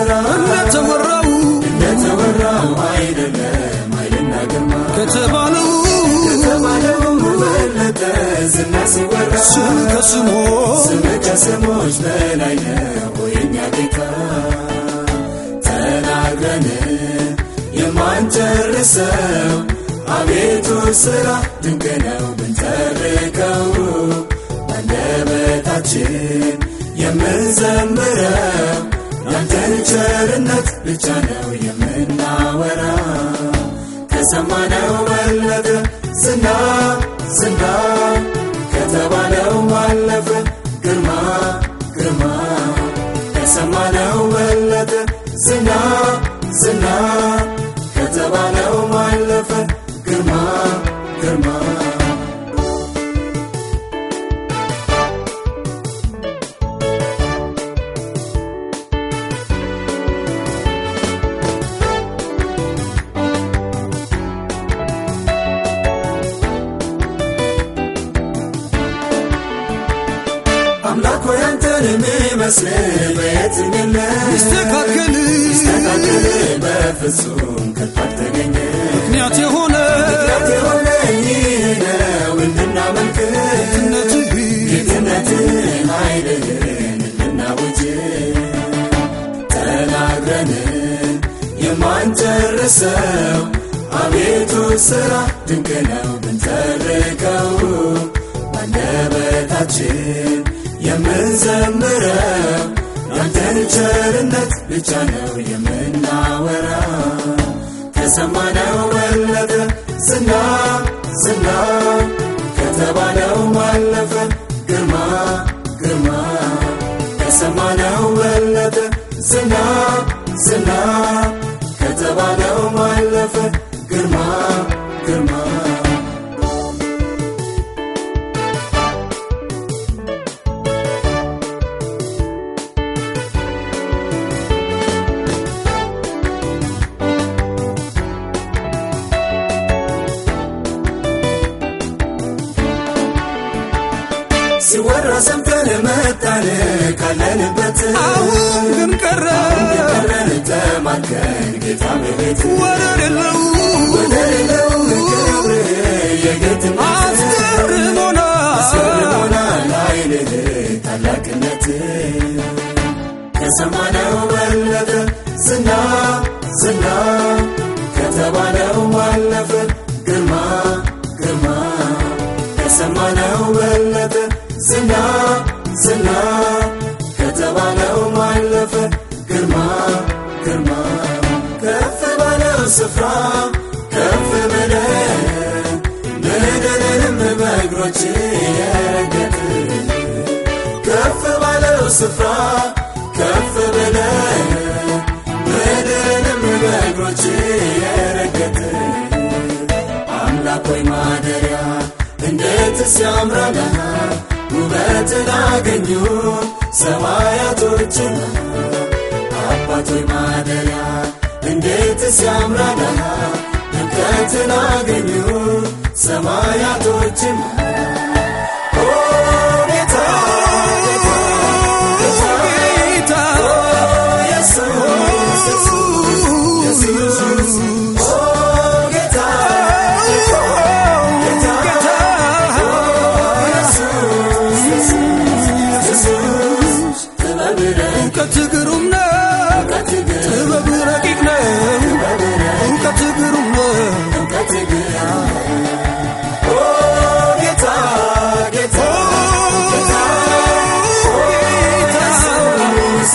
እንደተወራው እንደተወራው አይደለም አይደናገማ ከተባለው ከተባለው በለጠ ዝና ሲወራ ስም ከስሞች ከስሞች በላይ ነው የኛ ጌታ ተናግረን የማንጨርሰው አቤቱ ስራ ድንቅ ነው ብንተርከው አንደበታችን የምንዘምረው ስላንተን ቸርነት ብቻ ነው የምናወራ ከሰማነው በለጠ ዝና ዝና ከተባለው ባለፈ ግርማ ግርማ ከሰማነው በለጠ ዝና ዝና ከተባለው ባለፈ ግርማ ግርማ ያንተን የሚመስል በየትም የለ ይስተካከል ይስተካከል በፍጹም ከቶ አልተገኘ ምክንያት የሆነ ምክንያት የሆነ ይህ ነው እንድናመልክ ጌትነትህ ጌትነትህን ኃይልህን እንድናውጅ ተናግረን የማንጨርሰው አቤቱ ስራ ድንቅ ነው ብንተርከው ባለበታችን የምንዘምረው ያንተን ቸርነት ብቻ ነው የምናወራ ከሰማነው በለጠ ዝና ዝና ከተባለው ማለፈ ግርማ ግርማ ከሰማነው በለጠ ዝና ዝና ከተባለው ማለፈ ግርማ ግርማ መጣን ካለንበት አሁን ግን ቀረ ቀረን ተማርከን ጌታ በቤት ወደር የለው ወደር የለው የጌት ታላቅነት ከሰማነው በለጠ ዝና ዝና እግሮች የረገጥ ከፍ ባለው ስፍራ ከፍ ብለን ምድርንም በእግሮች የረገጥ አምላክ ማደሪያ እንዴት ያምራል ውበትን አገኙ ሰማያቶችና አባት ማደሪያ እንዴትስ ያምራል ድምቀትን አገኙ ሰማያቶችም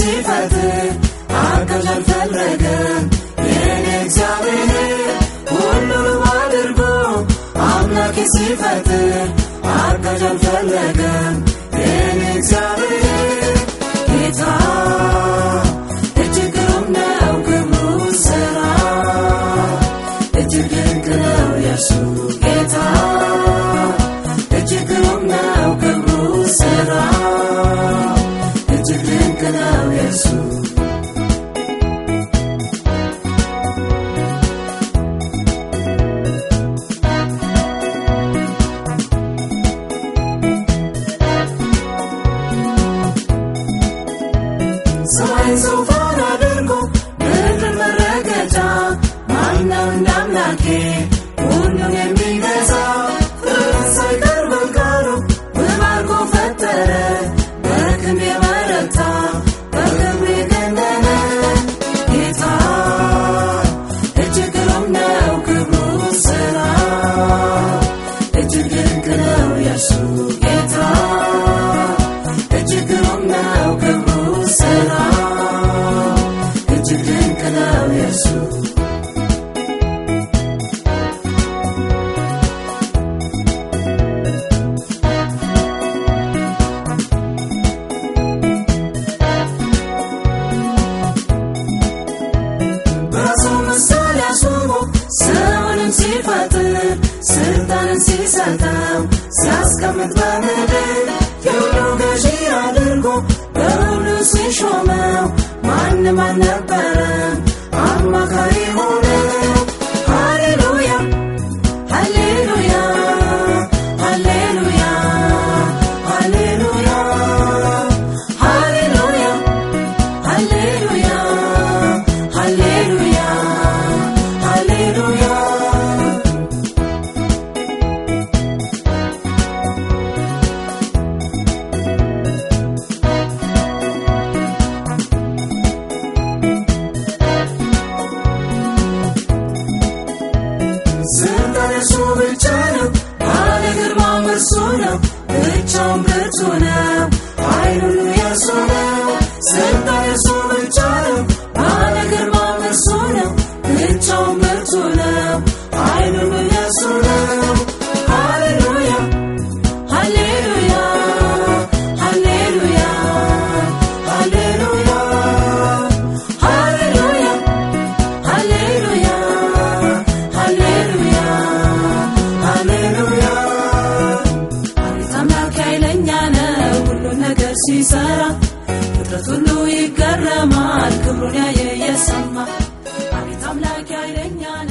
ሲፈጥር አጋዥን ፈለገ የኔ እግዚአብሔር ሁሉንም አድርጎ አምላኬ ሲፈጥር አጋዥን ፈለገ ዙፋን አድርጎ ምድር መረገጫ ማነው እንዳምላኬ ሁሉን የሚገዛ ፍቅርን ሳይቀር በቃሉ ፈጠረ በክንድ ዓመት በምድር ገዢ አድርጎ በሁሉ ሲሾመው ማንም አልነበ ስልጣን እርሱ ብቻ ነው። ባለ ግርማም እርሱ ነው። ብቻውን ብርቱ ነው። የእርሱ ነው። ሲሰራ ፍጥረት ሁሉ ይገረማል ክብሩን ያየ የሰማ አቤት አምላክ ኃይለኛ